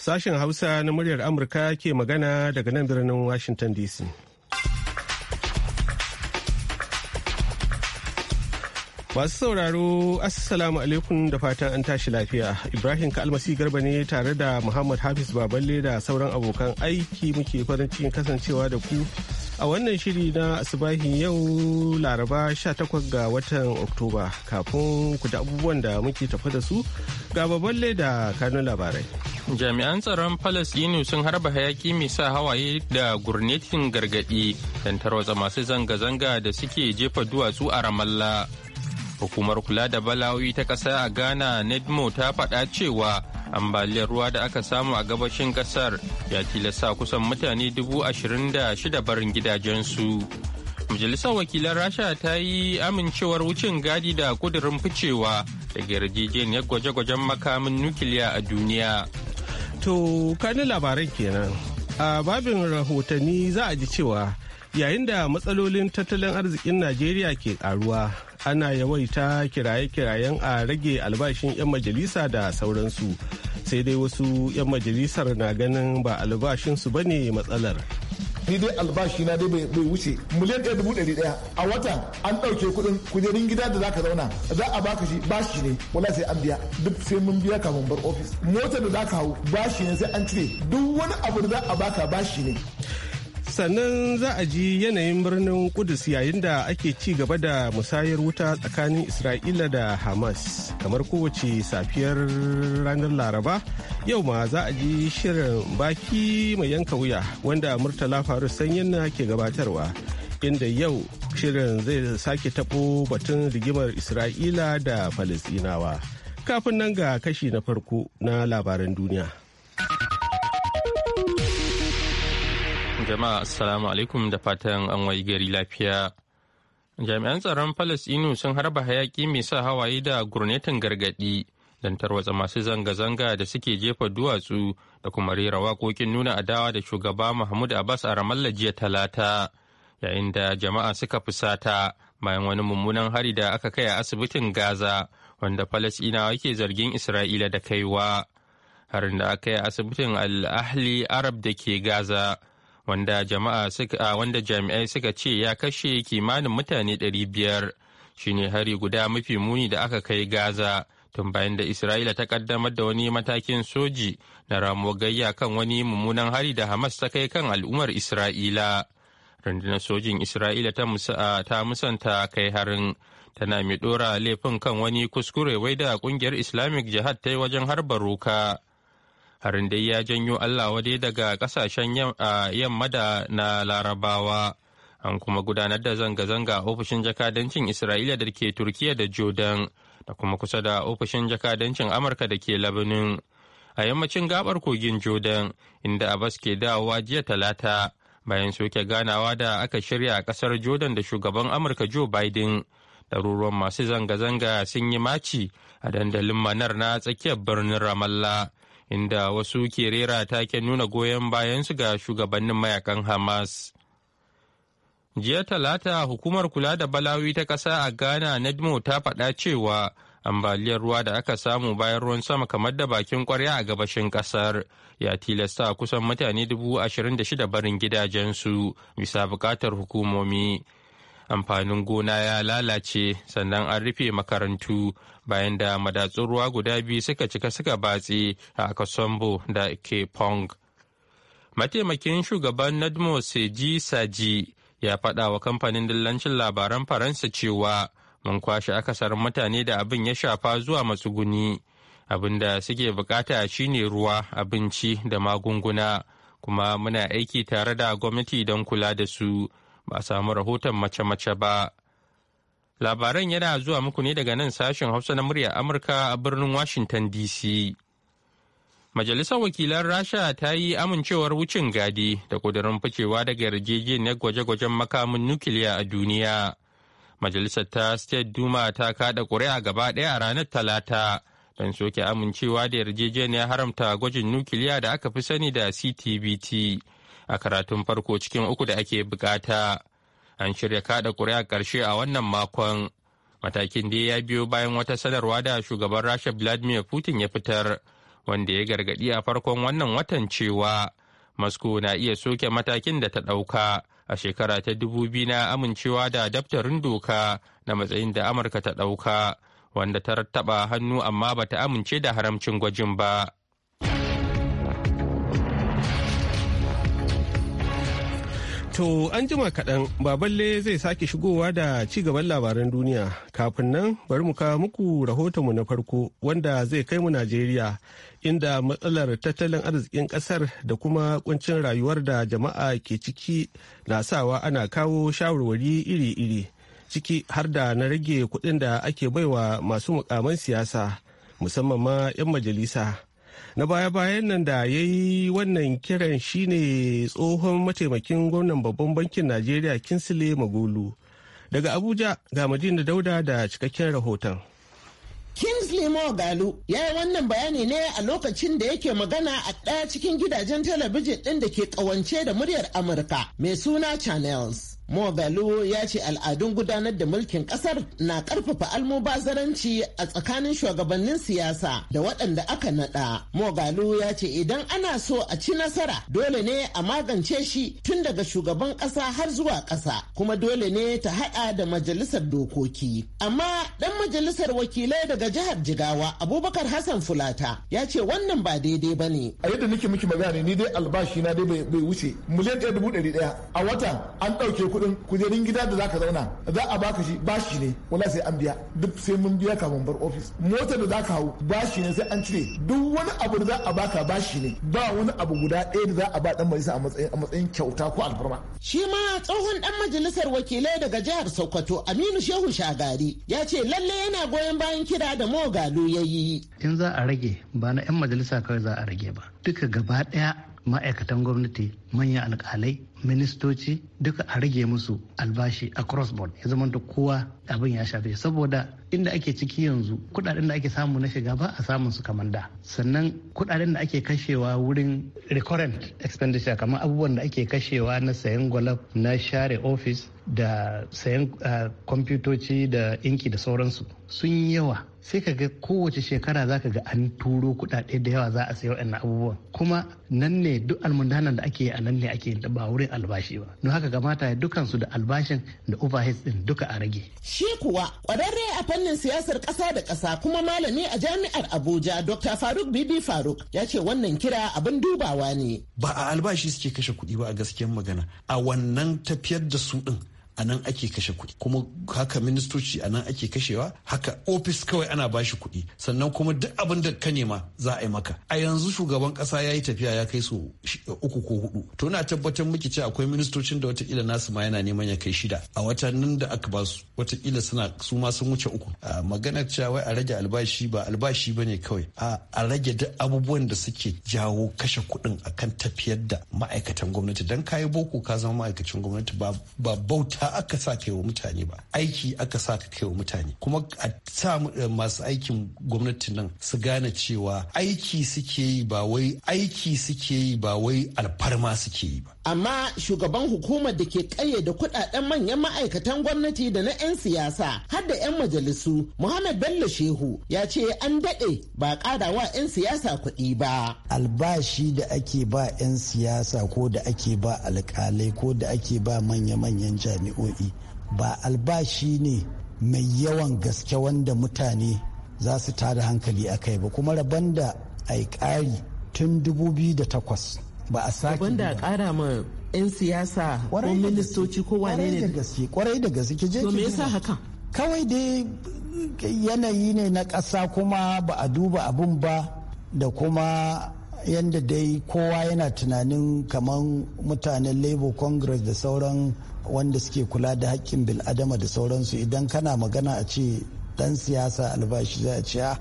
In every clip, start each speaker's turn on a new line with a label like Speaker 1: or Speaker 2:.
Speaker 1: Sashen Hausa na muryar Amurka ke magana daga nan birnin Washington DC. Masu sauraro, Assalamu alaikum da fatan an tashi lafiya. Ibrahim Kalmasi Garba ne tare da Muhammad Hafiz Baballe da sauran abokan aiki muke farin cikin kasancewa da ku a wannan shiri na asibahin yau laraba 18 ga watan oktoba kafin ku da abubuwan da muke tafi da su ga babban leda kanun labarai
Speaker 2: jami'an tsaron palestinu sun harba hayaki mai sa hawaye da gurnetin gargadi don tarwatsa masu zanga-zanga da suke jefa duwatsu a ramallah hukumar kula da balawi ta ƙasa a ghana nedmo ta faɗa cewa ambaliyar ruwa da aka samu a gabashin kasar ya tilasta kusan mutane dubu ashirin da shida barin gidajensu majalisar wakilan rasha ta yi amincewar wucin gadi da kudurin ficewa daga yarjejeniyar gwaje-gwajen makamin nukiliya a duniya to
Speaker 1: kani labaran kenan a babin rahotanni za a ji cewa yayin da matsalolin tattalin arzikin najeriya ke karuwa ana yawaita kiraye-kirayen a rage albashin 'yan majalisa da sauransu sai dai wasu 'yan majalisar na ganin ba albashinsu ba ne matsalar ni dai albashi na dai bai wuce
Speaker 3: miliyan ɗaya dubu ɗari ɗaya a wata an ɗauke kuɗin kujerun gida da zaka zauna za a baka shi bashi ne wala sai an biya duk sai mun biya kafin bar ofis motar da zaka hau bashi ne sai an cire duk wani abu da za a baka bashi ne sannan za a ji yanayin
Speaker 1: birnin kudus yayin da ake ci gaba da musayar wuta tsakanin isra'ila da hamas kamar kowace safiyar ranar laraba yau ma za a ji shirin baki mai yanka wuya wanda murtala faru sanyin na ke gabatarwa inda yau shirin zai sake tabo batun rigimar isra'ila da
Speaker 2: falasinawa
Speaker 1: kafin nan ga kashi na farko na labaran duniya
Speaker 2: jama'a assalamu alaikum da fatan an wayi gari lafiya jami'an tsaron inu sun harba hayaki mai sa hawaye da gurnetin gargaɗi don tarwatsa masu zanga-zanga da suke jefa duwatsu da kuma rera waƙoƙin nuna adawa da shugaba Mahmud Abbas a Ramallah jiya talata yayin da jama'a suka fusata bayan wani mummunan hari da aka kai a asibitin Gaza wanda Falasɗinawa ke zargin Isra'ila da kaiwa. Harin da aka yi a asibitin Al-Ahli Arab da ke Gaza wanda jama'a suka wanda jami'ai suka ce ya kashe kimanin mutane biyar shine hari guda mafi muni da aka kai Gaza tun bayan da Isra'ila ta kaddamar da wani matakin soji na ramuwar gayya kan wani mummunan hari da Hamas ta kai kan al'ummar Isra'ila. Rundunar sojin Isra'ila ta, ta musanta kai harin tana mai ɗora laifin kan wani kuskure wai da ƙungiyar Islamic Jihad ta yi wajen harba ruka harin dai ya janyo allah wadai daga kasashen yamma da na larabawa an kuma gudanar da zanga-zanga a ofishin jakadancin isra'ila da ke turkiyya da jordan da kuma kusa da ofishin jakadancin amurka da ke labanin a yammacin gabar kogin jordan inda a bas ke dawowa jiya talata bayan soke ganawa da aka shirya a kasar jordan da shugaban amurka joe biden ɗaruruwan masu zanga-zanga sun yi maci a dandalin manar na tsakiyar birnin ramallah inda wasu ke rera taken nuna goyon bayan su ga shugabannin mayakan Hamas. Jiya talata hukumar kula da balawi ta ƙasa a Ghana Nedmo ta faɗa cewa ambaliyar ruwa da aka samu bayan ruwan sama kamar da bakin kwarya a gabashin kasar ya tilasta kusan mutane dubu ashirin da shida barin gidajensu bisa buƙatar hukumomi amfanin gona ya lalace sannan an rufe makarantu bayan da madatsun ruwa guda biyu suka cika suka batse a kasombo da ke pong mataimakin shugaban nadmo seji saji ya faɗa wa kamfanin dillancin labaran faransa cewa mun kwashe akasarin mutane da abin ya shafa zuwa matsuguni abin da suke bukata shine ruwa abinci da magunguna kuma muna aiki tare da gwamnati don kula da su ba a samu rahoton mace-mace ba labaran yana zuwa muku ne daga nan sashen hausa na murya amurka a birnin washington dc majalisar wakilan rasha ta yi amincewar wucin gadi da kudurin ficewa daga yarjejeniyar gwaje-gwajen makamin nukiliya a duniya majalisar ta state duma ta kaɗa ƙuri'a gaba ɗaya a ranar talata don soke amincewa da yarjejeniyar haramta gwajin nukiliya da aka fi sani da ctbt a karatun farko cikin uku da ake bukata an shirya kada ƙuri'a ƙarshe a wannan makon matakin da ya biyo bayan wata sanarwa da shugaban rasha vladimir putin ya fitar wanda ya gargaɗi a farkon wannan watan cewa moscow na iya soke matakin da ta ɗauka a shekara ta dubu biyu na amincewa da daftarin doka na matsayin da amurka ta ɗauka wanda ta rattaba hannu amma bata amince da haramcin gwajin ba.
Speaker 1: To an jima kaɗan baballe zai sake shigowa da ci gaban labaran duniya kafin nan bari mu kawo muku rahotonmu na farko wanda zai kai mu Najeriya inda matsalar tattalin arzikin ƙasar da kuma kuncin rayuwar da jama'a ke ciki na sawa ana kawo shawarwari iri-iri ciki har da na rage kuɗin da ake baiwa masu mukaman siyasa musamman ma 'yan majalisa. na baya-bayan nan da ya yi wannan kiran shine tsohon mataimakin gwamnan babban bankin najeriya kinsile magulu daga abuja ga madina dauda da cikakken rahoton
Speaker 3: Kingsley Mogalu ya yi wannan bayani ne a lokacin da yake magana a ɗaya cikin gidajen talabijin ɗin da ke ƙawance da muryar Amurka mai suna Channels. mogalu ya ce al'adun gudanar da mulkin kasar na karfafa almubazaranci a tsakanin shugabannin siyasa da waɗanda aka naɗa Mogalu ya ce idan ana so a ci nasara dole ne a magance shi tun daga shugaban ƙasa har zuwa ƙasa kuma dole ne ta haɗa da majalisar dokoki. Amma ɗan majalisar wakilai daga jihar Jigawa Abubakar Hassan Fulata ya ce wannan ba daidai ba ne. A yadda nake miki magana ni dai albashi na dai bai wuce miliyan ɗaya dubu ɗari ɗaya a wata an ɗauke kuɗi kuɗin kujerun gida da zaka zauna za a baka shi bashi ne wala sai an biya duk sai mun biya kafin bar ofis motar da zaka hau bashi ne sai an cire duk wani abu da za a baka bashi ne ba wani abu guda ɗaya da za a ba dan majalisa a matsayin kyauta ko alfarma shi ma tsohon dan majalisar wakilai daga jihar Sokoto Aminu Shehu Shagari ya ce lalle yana goyon bayan kira da Mogalo yayi in za a rage ba na yan majalisa kawai za a rage ba duka gaba ɗaya ma'aikatan gwamnati manyan alkalai ministoci duka a rage musu albashi a cross board ya zama kowa abin ya shafe saboda inda ake ciki yanzu kudaden da ake samu na shiga ba a samun su kamar da sannan kudaden da ake kashewa wurin recurrent expenditure kamar abubuwan da ake kashewa na sayan gwalab na share office da sayan ah, kwamfutoci da inki da sauransu sun yi yawa sai ka ga kowace shekara za ka ga an turo kudade da yawa za a sayo abubuwan kuma nan ne duk almundanan da ake yi nan ne ake yin ba wurin albashi ba don haka kamata ya dukan su da albashin da overheads din duka a rage shi kuwa kwararre a fannin siyasar kasa da kasa kuma malami a jami'ar Abuja Dr Faruk Bibi Faruk ya ce wannan kira abin dubawa ne ba a albashi suke kashe kuɗi ba a gaskiyar magana a wannan tafiyar da su din a nan ake kashe kuɗi kuma haka ministoci a nan ake kashewa haka ofis kawai ana bashi kuɗi sannan kuma duk abin da ka nema za a yi maka a yanzu shugaban ƙasa ya yi tafiya ya kai
Speaker 4: su uku ko hudu to na tabbatar miki ce akwai ministocin da watakila nasu ma yana neman ya kai shida a watannin da aka ba su watakila suna su ma sun wuce uku a maganar cewa wai a rage albashi ba albashi ba ne kawai a rage duk abubuwan da suke jawo kashe kuɗin akan tafiyar da ma'aikatan gwamnati dan kayi boko ka zama ma'aikacin gwamnati ba bauta aka sa kai wa mutane ba aiki aka sa ka kai wa mutane kuma a sa eh, masu aikin
Speaker 3: gwamnati nan su gane cewa aiki suke yi ba wai aiki suke yi ba wai alfarma suke yi ba amma shugaban hukumar da ke kayyade kudaden manyan ma'aikatan gwamnati da na 'yan siyasa har da 'yan majalisu muhammad bello shehu ya ce an daɗe ba wa 'yan siyasa kuɗi ba albashi da ake ba 'yan siyasa ko da ake ba alƙalai ko da ake ba manya-manyan jami'o'i ba albashi ne mai yawan gaske wanda mutane za su tada hankali a kai ba kuma rabon da dubu ƙari tun 2008 ba a sake banda kara ma 'yan siyasa ko ministoci ko wane ne kwarai da gaske je ki yasa haka kawai dai yanayi ne na ƙasa kuma ba a duba abin ba da kuma yadda dai kowa yana tunanin kamar mutanen labour congress da sauran wanda suke kula da haƙƙin bil'adama da sauransu idan kana magana a ce dan siyasa albashi za a ce ah,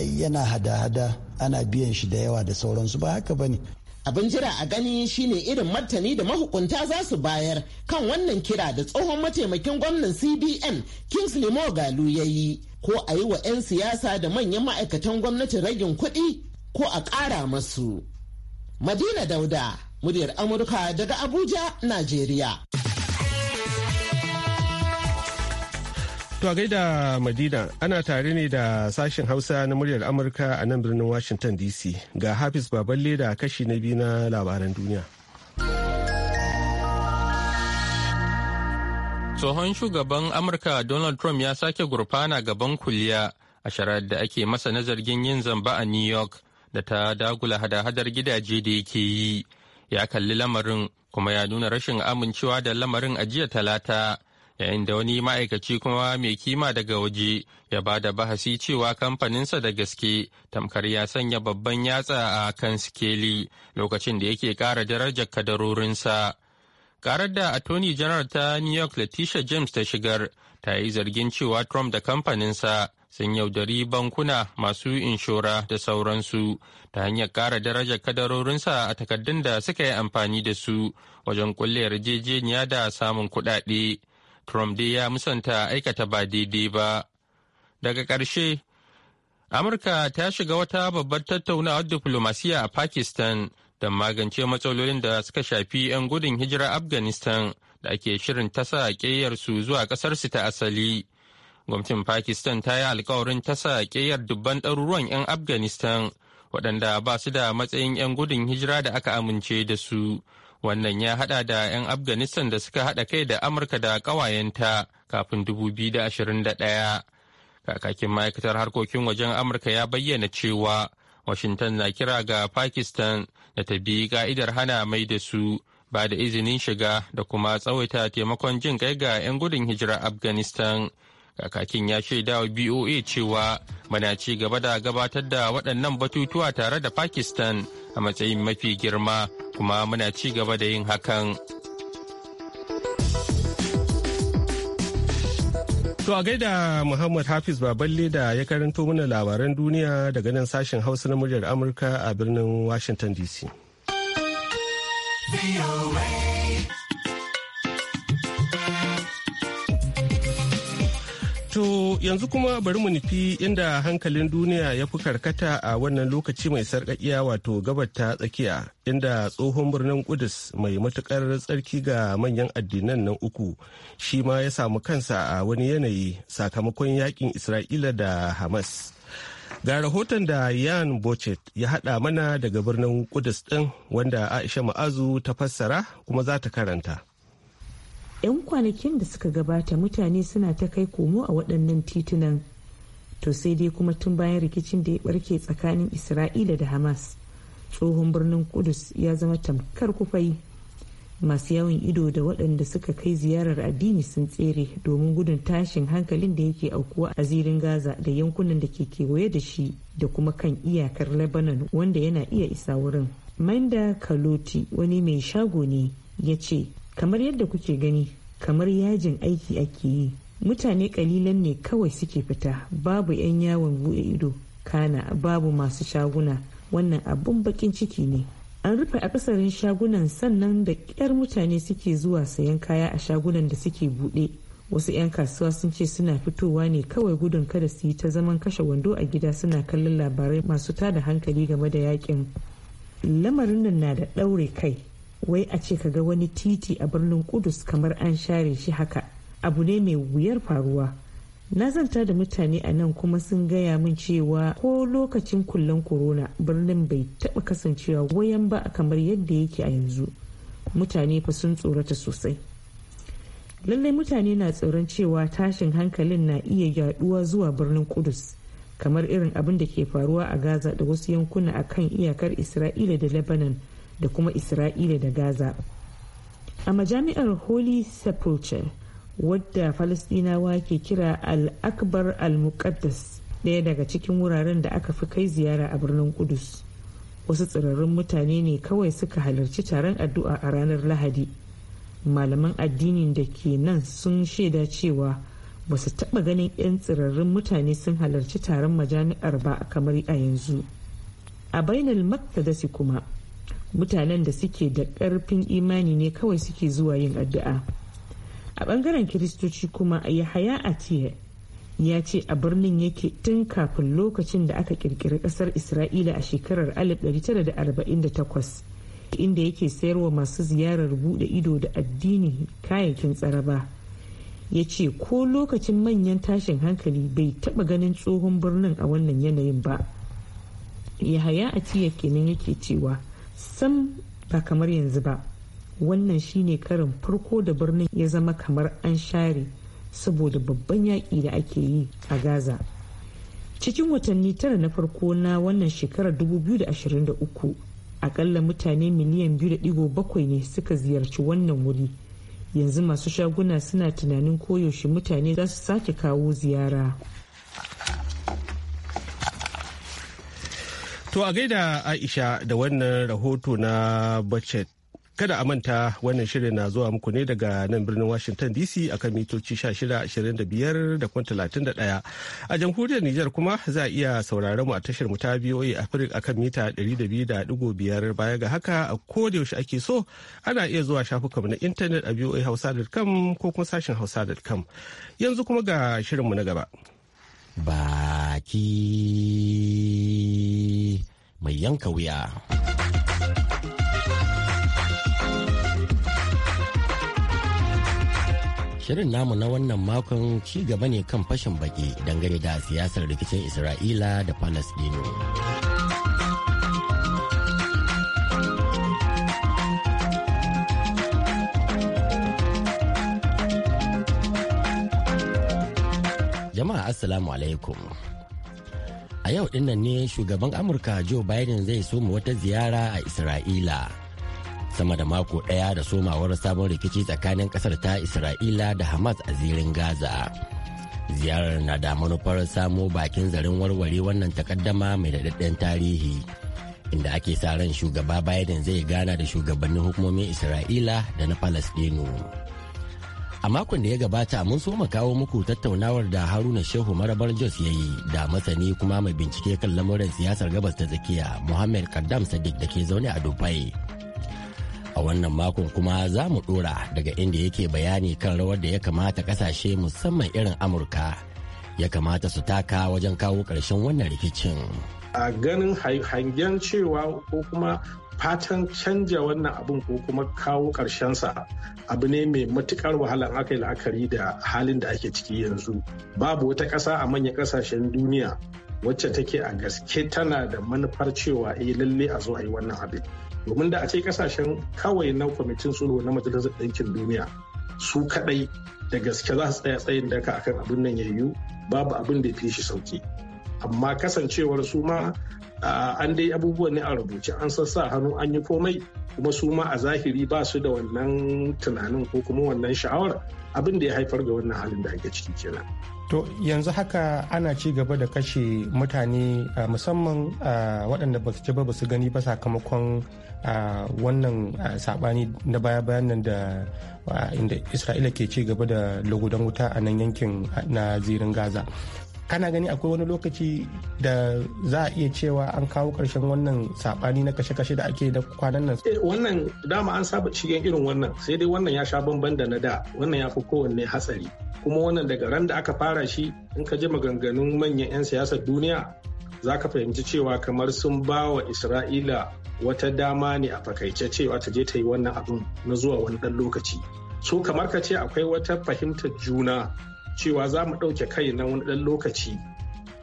Speaker 3: yana hada-hada ana biyan shi da yawa da sauransu ba haka ba ne abin jira a gani shine irin martani da mahukunta za su bayar kan wannan kira da tsohon mataimakin gwamnan cbn kingsley mogalu ya yi ko a yi wa 'yan siyasa da manyan ma'aikatan gwamnati ragin kuɗi ko a ƙara masu madina dauda muryar amurka daga abuja najeriya
Speaker 1: To a gaida Madina ana tare ne da sashen Hausa na muryar Amurka a nan birnin Washington DC ga Hafiz Baballe da kashi na biyu na labaran duniya.
Speaker 2: Tsohon shugaban Amurka Donald Trump ya sake gurfana gaban kuliya a shari'ar da ake masa na zargin yin zamba a New York da ta dagula hada-hadar gidaje da yake yi. Ya kalli lamarin kuma ya nuna rashin amincewa da lamarin a jiya talata. yayin da wani ma'aikaci kuma mai kima daga waje ya ba da bahasi cewa kamfaninsa da gaske tamkar ya sanya babban yatsa a kan sikeli lokacin da yake kara darajar kadarorinsa. Karar da Attorney General ta New York Letitia James ta shigar ta yi zargin cewa Trump da kamfaninsa sun yaudari bankuna masu inshora da sauransu ta hanyar kara darajar kadarorinsa a takardun da suka yi amfani da su wajen kulle yarjejeniya da samun kuɗaɗe. Trump dai ya musanta aikata ba daidai ba. Daga ƙarshe, Amurka ta shiga wata babbar tattaunawar diflomasiya a Pakistan don magance matsalolin da suka shafi 'yan gudun hijira Afghanistan da ake shirin ta sa tasa su zuwa ƙasarsu ta asali. Gwamnatin Pakistan ta yi alkawarin ta tasa ƙeyar dubban ɗaruruwan 'yan Afghanistan waɗanda ba su da matsayin 'yan gudun hijira da aka amince da su Wannan ya hada da 'yan Afghanistan da suka hada kai da Amurka da ƙawayenta kafin 2021. Kakakin ma'aikatar harkokin wajen Amurka ya bayyana cewa Washington na kira ga Pakistan da ta bi ka'idar hana mai da su ba da izinin shiga da kuma tsawaita taimakon jin kai ga 'yan gudun hijira Afghanistan. kakakin ya shaida wa BOA cewa muna ci gaba da gabatar da waɗannan batutuwa tare da Pakistan a matsayin mafi girma kuma muna ci gaba da yin hakan.
Speaker 1: To a gaida Muhammad Hafiz Baballe da ya karanto mana labaran duniya daga nan sashen Hausa na muryar Amurka a birnin Washington DC. To yanzu kuma bari mu nufi inda hankalin duniya ya fi karkata a wannan lokaci mai sarƙaƙiya wato gabar ta tsakiya inda tsohon birnin Kudus mai matukar tsarki ga manyan addinan nan uku shi ma ya samu kansa a wani yanayi sakamakon yakin Isra'ila da Hamas. Ga rahoton da Yan Bochet ya haɗa mana daga birnin Kudus ɗin wanda Aisha Ma'azu ta fassara kuma za ta karanta.
Speaker 5: 'yan kwanakin da suka gabata mutane suna ta kai komo a waɗannan titunan to sai dai kuma tun bayan rikicin da ya barke tsakanin isra'ila da hamas tsohon birnin kudus ya zama tamkar kufai masu yawon ido da waɗanda suka kai ziyarar addini sun tsere domin gudun tashin hankalin da yake aukuwa a zirin gaza da yankunan da ke kewaye da shi da kuma kan iyakar lebanon wanda yana iya isa wurin manda kaloti wani mai shago ne ya ce kamar yadda kuke gani kamar yajin aiki ake yi mutane kalilan ne kawai suke fita babu 'yan yawon bude ido kana babu masu shaguna wannan abun bakin ciki ne an rufe akasarin shagunan sannan da ƙyar mutane suke zuwa sayan kaya a shagunan da suke bude wasu 'yan kasuwa sun ce suna fitowa ne kawai gudun kada su yi ta zaman kashe wando a gida suna kallon labarai masu tada hankali game da yakin lamarin nan na da ɗaure kai wai a ce kaga wani titi a birnin kudus kamar an share shi haka abu ne mai wuyar faruwa na zanta da mutane a nan kuma sun gaya min cewa ko lokacin kullum korona birnin bai taɓa kasancewa wayan ba kamar yadda yake a yanzu mutane fa sun tsorata sosai lallai mutane na tsoron cewa tashin hankalin na iya yaduwa zuwa birnin kudus kamar irin abin da ke faruwa a gaza da wasu yankuna akan iyakar isra'ila da lebanon da kuma isra'ila da gaza a majami'ar holy sepulchre wadda falastinawa ke kira al-akbar al-muqaddas ɗaya daga cikin wuraren da aka fi kai ziyara a birnin kudus wasu tsirarrun mutane ne kawai suka halarci taron addu'a a ranar lahadi malaman addinin da ke nan sun shaida cewa ba su taɓa ganin 'yan tsirarrun mutane sun halarci taron majami'ar ba kamar a yanzu a bainal maktadasi kuma mutanen da suke da ƙarfin imani ne kawai suke zuwa yin addu'a a bangaren kiristoci kuma a yahaya atiye ya ce a birnin yake tun kafin lokacin da aka kirkiri ƙasar isra'ila a shekarar 1948 inda yake sayar wa masu ziyarar bude ido da addini kayayyakin tsaraba ya ce ko lokacin manyan tashin hankali bai taba ganin tsohon birnin a wannan yanayin ba yahaya a kenan yake cewa sam ba kamar yanzu ba wannan shine karin farko da birnin ya zama kamar an share saboda babban yaƙi da ake yi a gaza cikin watanni tara na farko na wannan shekarar 2023 akalla mutane miliyan 2.7 ne suka ziyarci wannan wuri yanzu masu shaguna suna tunanin koyaushe mutane za su sake kawo ziyara
Speaker 1: To a gaida Aisha da wannan rahoto na budget kada a manta wannan shirin na zuwa muku ne daga nan birnin washington dc a kan mitoci 1625 da kuma 31 a jamhuriyar nijar kuma za a iya sauraron mu a tashar mu ta voa africa kan mita 200.5 baya ga haka a yaushe ake so ana iya zuwa shafukanmu na intanet a Hausa.com ko kuma sashen hausa.com yanzu kuma ga shirinmu na gaba
Speaker 6: baki mai yanka wuya. Shirin namu na wannan makon ci gaba ne kan fashin baki dangane da siyasar rikicin Isra'ila da Falasdino. Jama'a Assalamu alaikum. A yau dinnan ne shugaban Amurka Joe Biden zai soma wata ziyara a Isra'ila. Sama da mako ɗaya da somawar sabon rikici tsakanin ƙasar ta Isra'ila da Hamas a zirin Gaza. Ziyarar na da manufar samo bakin zarin warware wannan takaddama mai daɗaɗɗen tarihi. Inda ake sa ran shugaba Biden zai gana da shugabannin hukumomin Isra'ila da na Falasɗinu. a makon da ya gabata mun so mu kawo muku tattaunawar da haruna shehu marabar jos ya yi da masani kuma mai bincike kan lamuran siyasar gabas ta tsakiya muhammad kaddam sadiq da ke zaune a dubai a wannan makon kuma za mu dora daga inda yake bayani kan rawar da ya kamata kasashe musamman irin amurka ya kamata su taka wajen kawo ƙarshen wannan rikicin.
Speaker 4: a ganin hangen cewa ko kuma fatan canja wannan abin ko kuma kawo sa abu ne mai matukar wahala aka yi la'akari da halin da ake ciki yanzu babu wata ƙasa a manyan ƙasashen duniya wacce take a gaske tana da manufar cewa yi eh, lalle a zo a yi wannan abin domin da a ce ƙasashen kawai na kwamitin sulhu na majalisar ɗinkin duniya su kaɗai da gaske za su tsaya tsayin daka akan abin nan yayyu babu abin da ya fi shi sauki amma kasancewar su ma an dai abubuwan ne a rubuce an sassa hannu an yi komai kuma su ma a zahiri ba su da wannan tunanin ko kuma wannan sha'awar abin da ya haifar da wannan halin da ake ciki kenan.
Speaker 7: To yanzu haka ana ci gaba da kashe mutane musamman waɗanda ba su ci ba ba su gani ba sakamakon wannan saɓani na baya-bayan nan da inda Isra'ila ke ci gaba da lugudan wuta a nan yankin na zirin Gaza. kana gani akwai wani lokaci da za a iya cewa an kawo ƙarshen wannan saɓani na kashe-kashe da ake da kwanan nan.
Speaker 4: Eh, wannan dama an saba cikin irin wannan sai dai wannan ya sha bamban da na da wannan ya fi kowanne hatsari kuma wannan daga ran da aka fara shi in ka ji maganganun manyan 'yan siyasar duniya za ka fahimci cewa kamar sun ba wa isra'ila wata dama ne a fakaice cewa ta je ta yi wannan abin na zuwa wani ɗan lokaci so kamar ka ce akwai wata fahimtar juna cewa za mu ɗauke kai na wani ɗan lokaci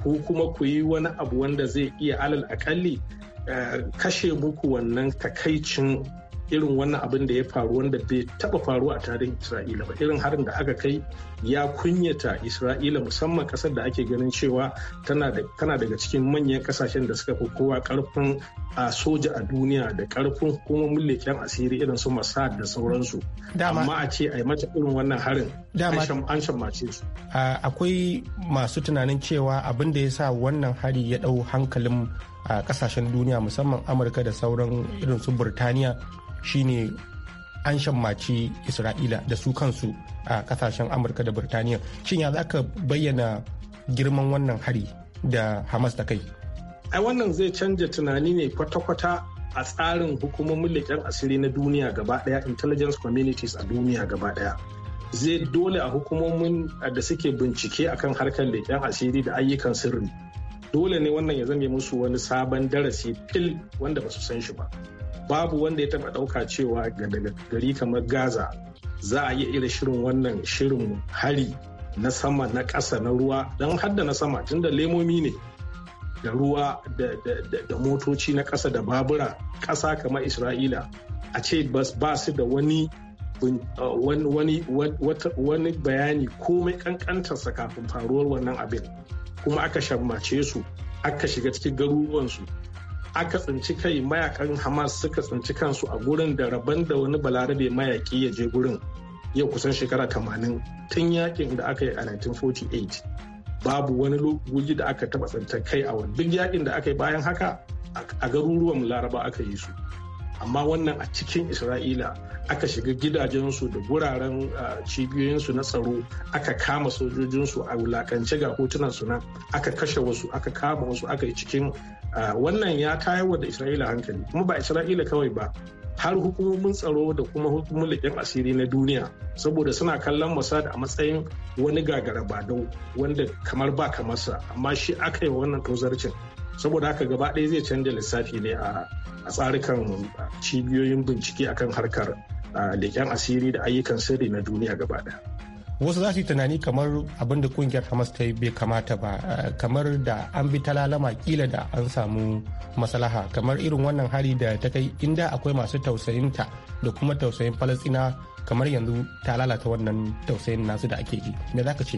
Speaker 4: ko kuma ku yi wani abu wanda zai iya alal akalli eh, kashe muku wannan takaicin irin wannan abin da ya faru wanda bai taɓa faruwa a tarihin isra'ila ba irin harin da aka kai ya kunyata isra'ila musamman kasar da ake ganin cewa tana daga cikin manyan kasashen da suka fi kowa karfin a soja a duniya da karfin hukumomin leken asiri irin su masad da sauransu amma a ce a yi mata irin wannan harin an shammace su
Speaker 7: akwai masu tunanin cewa abin da ya sa wannan hari ya dau hankalin a kasashen duniya musamman amurka da sauran irin su burtaniya shine an shammaci isra'ila da su kansu a kasashen amurka da birtaniya shin ya za ka bayyana girman wannan hari da hamas da kai
Speaker 4: ai wannan zai canja tunani ne kwata-kwata a tsarin hukumomin leƙen asiri na duniya gaba daya intelligence communities a duniya gaba daya zai dole a hukumomin da suke bincike akan harkar leƙen asiri da ayyukan sirri dole ne wannan ya zame musu wani sabon darasi fil wanda ba su san shi ba babu wanda ya taba dauka cewa daga gari kamar gaza za a yi irin shirin wannan shirin hari na sama na ƙasa na ruwa don hadda na sama tunda lemomi ne da ruwa da motoci na ƙasa da babura ƙasa kamar isra'ila a ce ba su da wani uh, wani bayani komai kankantarsa kafin faruwar wannan abin kuma aka shammace su aka shiga cikin garuruwansu aka tsinci kai mayakan hamas suka tsinci kansu a gurin da rabon da wani balarabe mayaki ya je gurin yau kusan shekara tamanin tun yakin da aka yi a 1948 babu wani lokaci da aka taba tsinta kai a wani duk yakin da aka yi bayan haka a garuruwan laraba aka yi su amma wannan a cikin isra'ila aka shiga gidajensu da guraren cibiyoyinsu na tsaro aka kama sojojinsu a wulakance ga hotunan su aka kashe wasu aka kama wasu aka yi cikin wannan ya wa da isra'ila hankali kuma ba isra'ila kawai ba har hukumomin tsaro da kuma hukumomin leƙen asiri na duniya saboda suna kallon masada a matsayin wani gagara badau wanda kamar ba kamarsa amma shi aka yi wannan tozarcin saboda haka gaba ɗaya zai canja lissafi ne a tsarukan cibiyoyin bincike akan harkar leƙen asiri da ayyukan sirri na duniya gaba wasu za su
Speaker 7: yi tunani kamar abin da kungiyar hamas ta yi bai kamata ba kamar da an bi ta lalama kila da an samu masalaha kamar irin wannan hari da ta kai inda akwai masu tausayinta da kuma tausayin falastina kamar yanzu ta lalata wannan tausayin nasu da ake yi me za ka ce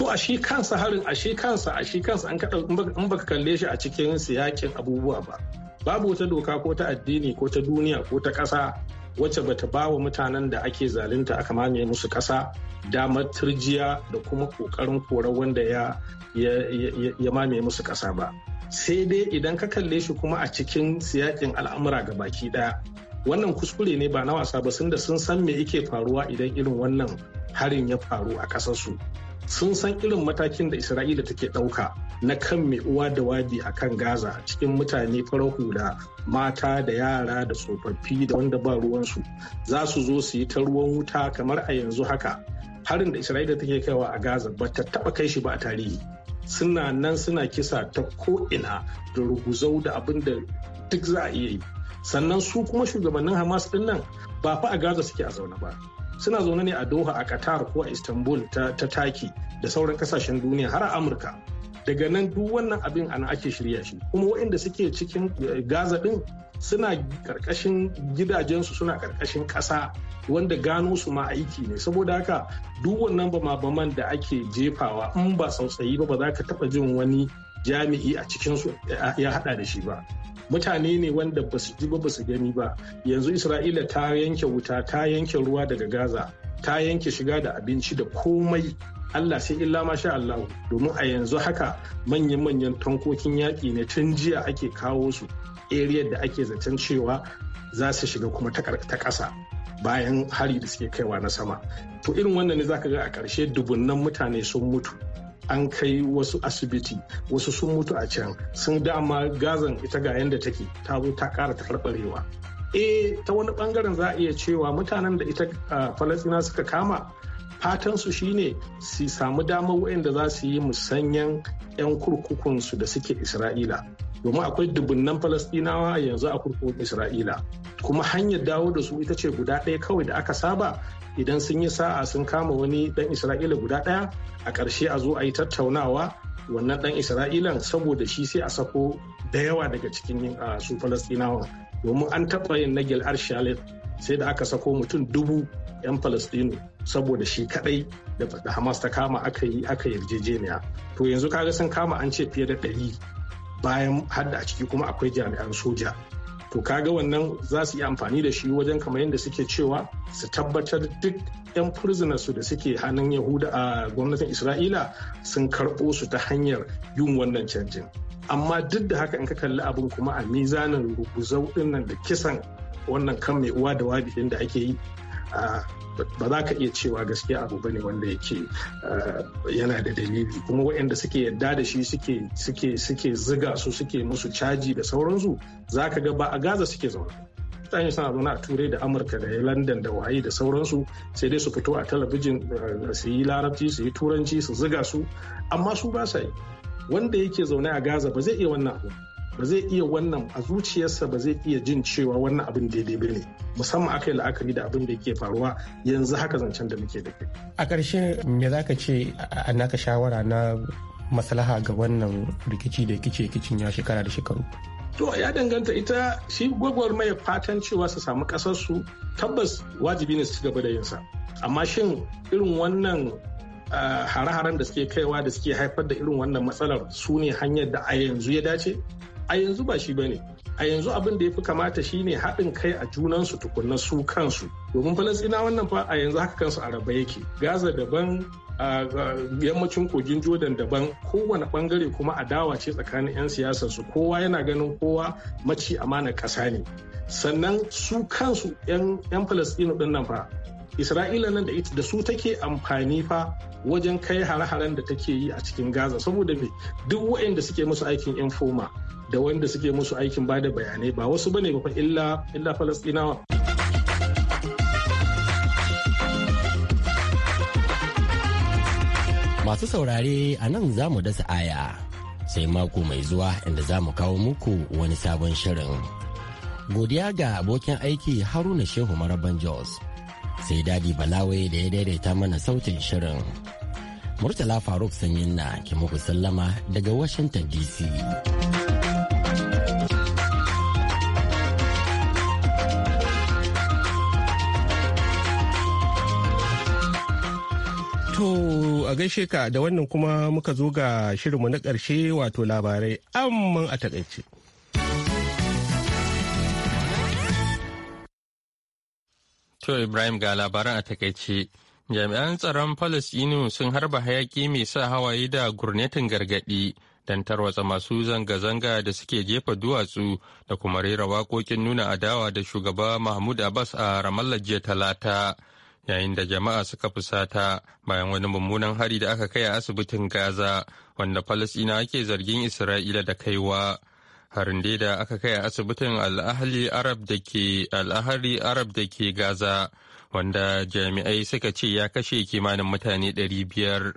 Speaker 4: to a shi kansa harin a shi kansa a shi kansa an kaɗa in baka kalle shi a cikin siyakin abubuwa ba babu wata doka ko ta addini ko ta duniya ko ta ƙasa wacce bata ba wa mutanen da ake zalunta aka mamaye musu ƙasa damar turjiya da kuma ƙoƙarin korar wanda ya ya mamaye musu ƙasa ba sai dai idan ka kalle shi kuma a cikin siyakin al'amura ga baki ɗaya wannan kuskure ne ba na wasa ba sun da sun san me yake faruwa idan irin wannan harin ya faru a ƙasarsu sun san irin matakin da isra'ila take ɗauka na kan mai uwa da wabi a kan gaza cikin mutane farar hula mata da yara da tsofaffi da wanda ba ruwansu za su zo su yi ta ruwan wuta kamar a yanzu haka harin da isra'ila take kaiwa a gaza ba ta taɓa kai shi ba a tarihi suna nan suna kisa ta ko'ina da ruguzau da abin da duk za a iya yi sannan su kuma shugabannin hamas ɗin nan ba fa a gaza suke a zaune ba suna zaune ne a doha a qatar ko a istanbul ta, ta taki da sauran kasashen duniya har a amurka daga nan duk wannan abin ana ake shirya shi kuma waɗanda suke cikin eh, gaza din suna karkashin gidajensu suna karkashin ƙasa wanda gano su ma aiki ne saboda haka duk wannan bama baman da ake jefawa in ba sausayi ba ba za ka taɓa jin wani jami'i a cikinsu eh, ya haɗa da shi ba mutane ne wanda ba su ji ba su gani ba yanzu isra'ila ta yanke wuta ta yanke ruwa daga gaza ta yanke shiga da abinci da komai Allah sai illa masha allahu domin a yanzu haka manyan-manyan tankokin yaƙi ne tun jiya ake kawo su eriyar da ake zaton cewa za su shiga kuma ta ƙasa bayan hari da suke kaiwa na sama to irin wannan ne za ka ga a ƙarshe dubunnan mutane sun mutu an kai wasu asibiti wasu sun mutu a can sun dama gazan ita ga yadda take ta zo ta kara taɓarɓarewa E, ta wani bangaren za a iya cewa mutanen da ita falasina suka kama fatansu shine su samu damar waɗanda za su yi musanyen 'yan kurkukunsu da suke isra'ila domin akwai dubunnan falastinawa yanzu a kurkukun isra'ila kuma hanyar dawo da su ita ce guda ɗaya kawai da aka saba idan sun yi sa'a sun kama wani dan isra'ila guda ɗaya a ƙarshe a zo a yi tattaunawa wannan dan isra'ilan saboda shi sai a sako da yawa daga cikin su falastinawa domin an taɓa yin nagel arshalit sai da aka sako mutum dubu 'yan falastinu saboda shi kadai da hamas ta kama aka yi aka yarjejeniya to yanzu kaga sun kama an ce fiye da ɗari bayan hadda a ciki kuma akwai jami'an soja to kaga wannan za su yi amfani da shi wajen kamar yadda suke cewa su tabbatar duk 'yan su da suke hannun yahuda a gwamnatin isra'ila sun karɓo su ta hanyar yin wannan canjin amma duk da haka in ka kalli abin kuma a mizanin rubuzau dinnan da kisan wannan kan mai uwa da wabi da ake yi ba za ka iya cewa gaskiya abu ba ne wanda yake eh, yana da dalili kuma waɗanda suke yadda da shi suke ziga su suke musu caji da sauransu za ka ga ba a gaza suke zaune mutane suna zaune a turai da amurka da london da waye da sauransu sai dai su fito a talabijin eh, su yi larabci su yi turanci su ziga su amma su ba sa yi wanda yake zaune a gaza ba zai iya wannan abu ba zai iya wannan a zuciyarsa ba zai iya jin cewa wannan abin daidai ba ne musamman aka yi la'akari da abin da ke faruwa yanzu haka zancen da muke da
Speaker 7: a ƙarshe me za ka ce a naka shawara na maslaha ga wannan rikici da kice kicin ya shekara da shekaru
Speaker 4: to ya danganta ita shi mai fatan cewa su samu kasarsu tabbas wajibi ne su gaba da yinsa amma shin irin wannan hare-haren da suke kaiwa da suke haifar da irin wannan matsalar su ne hanyar da a yanzu ya dace a yanzu ba shi bane a yanzu abin da ya fi kamata shine haɗin kai a junansu tukunna su kansu domin falasina wannan fa a yanzu haka kansu araba yake gaza daban a yammacin kogin jordan daban kowane bangare kuma a dawa ce tsakanin 'yan siyasarsu kowa yana ganin kowa maci amana kasa ne sannan su kansu 'yan falasina ɗin fa isra'ila nan da ita da su take amfani fa wajen kai hare-haren da take yi a cikin gaza saboda me duk waɗanda suke musu aikin infoma da wanda suke musu aikin bada bayanai ba wasu bane ba illa illa falastinawa
Speaker 6: masu saurare a nan za mu dasa aya sai mako mai zuwa inda za mu kawo muku wani sabon shirin godiya ga abokin aiki haruna shehu maraban jos sai dadi balawe da ya daidaita mana sautin shirin murtala faruk sanyin na ke muku sallama daga washington dc
Speaker 1: To a gaishe ka da wannan kuma muka zo ga shirinmu na ƙarshe wato labarai amman a takaice.
Speaker 2: To Ibrahim ga labaran a takaice. Jami'an tsaron Falasɗinu sun harba hayaki mai sa hawaye da gurnetin gargaɗi don tarwatsa masu zanga-zanga da suke jefa duwatsu da kuma rera waƙoƙin nuna adawa da shugaba Mahmud Abbas a Ramallah jiya talata. Yayin da jama'a suka fusata bayan wani mummunan hari da aka kai a asibitin Gaza wanda Falasɗina ke zargin Isra'ila da kaiwa. harin da aka kai a asibitin al'ahari arab da ke al'ahari arab da ke gaza wanda jami'ai suka ce ya kashe kimanin mutane 500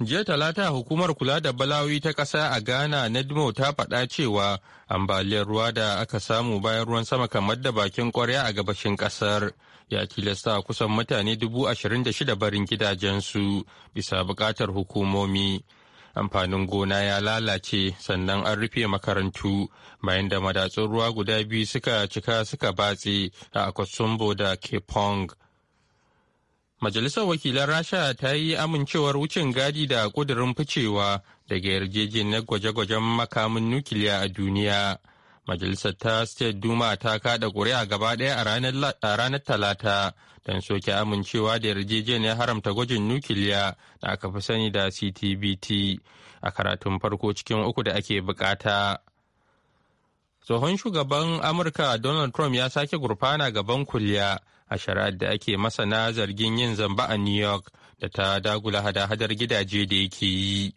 Speaker 2: jiya talata hukumar kula da balawi ta ƙasa a ghana nedmo ta faɗa cewa ambaliyar ruwa da aka samu bayan ruwan sama kamar da bakin ƙwarya a gabashin ƙasar ya tilasta kusan mutane 26,000 barin gidajensu bisa buƙatar hukumomi amfanin gona ya lalace sannan an rufe makarantu bayan da madatsun ruwa guda biyu suka cika suka batse a akwasumbo da kepong majalisar wakilan rasha ta yi amincewar wucin gadi da kudurin ficewa daga yarjejeniyar gwaje-gwajen makamin nukiliya a duniya majalisar ta state duma ta kada ƙuri'a gaba ɗaya a ranar talata don soke amincewa da ya haramta gwajin nukiliya da aka fi sani da ctbt a karatun farko cikin uku da ake bukata. tsohon shugaban amurka donald trump ya sake gurfana gaban kuliya a shari'ar da ake masa na zargin yin zamba a new york da ta dagula hada-hadar gidaje da yake yi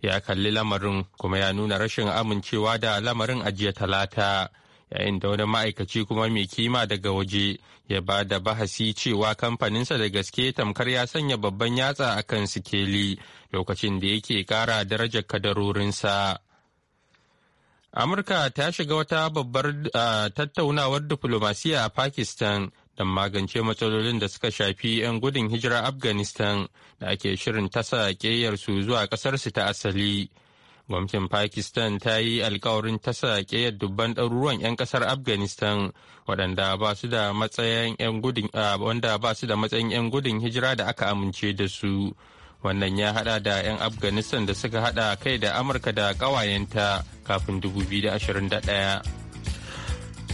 Speaker 2: ya kalli lamarin kuma ya nuna rashin amincewa da lamarin a talata yayin da wani ma'aikaci kuma mai kima daga waje ya ba da bahasi cewa kamfaninsa da gaske tamkar ya sanya babban yatsa a kan sikeli lokacin da yake kara darajar kadarorinsa. Amurka ta shiga wata babbar tattaunawar diflomasiya a Pakistan don magance matsalolin da suka shafi 'yan gudun hijira Afghanistan da ake shirin tasa su zuwa ƙasarsu ta asali. Gwamnatin Pakistan ta yi alkawarin ta sake dubban ɗaruruwan 'yan ƙasar Afghanistan waɗanda ba su da matsayin 'yan gudun hijira da aka amince da su. Wannan ya haɗa da 'yan Afghanistan da suka haɗa kai da Amurka da ƙawayenta kafin 2021.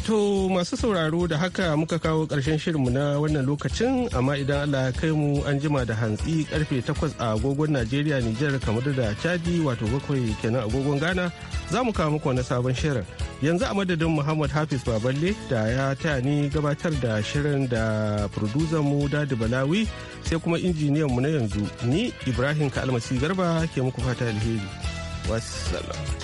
Speaker 2: To
Speaker 1: masu sauraro da haka muka kawo ƙarshen shirinmu na wannan lokacin amma idan Allah ya kai mu an jima da hantsi karfe 8 a agogon Najeriya Nijar kamar da Chadi wato bakwai kenan agogon Ghana za mu kawo muku wani sabon shirin. Yanzu a madadin Muhammad Hafiz Baballe da ya taya ni gabatar da shirin da producer mu Dadi Balawi sai kuma injiniyan mu na yanzu ni Ibrahim Kalmasi Garba ke muku fata alheri. Wassalam.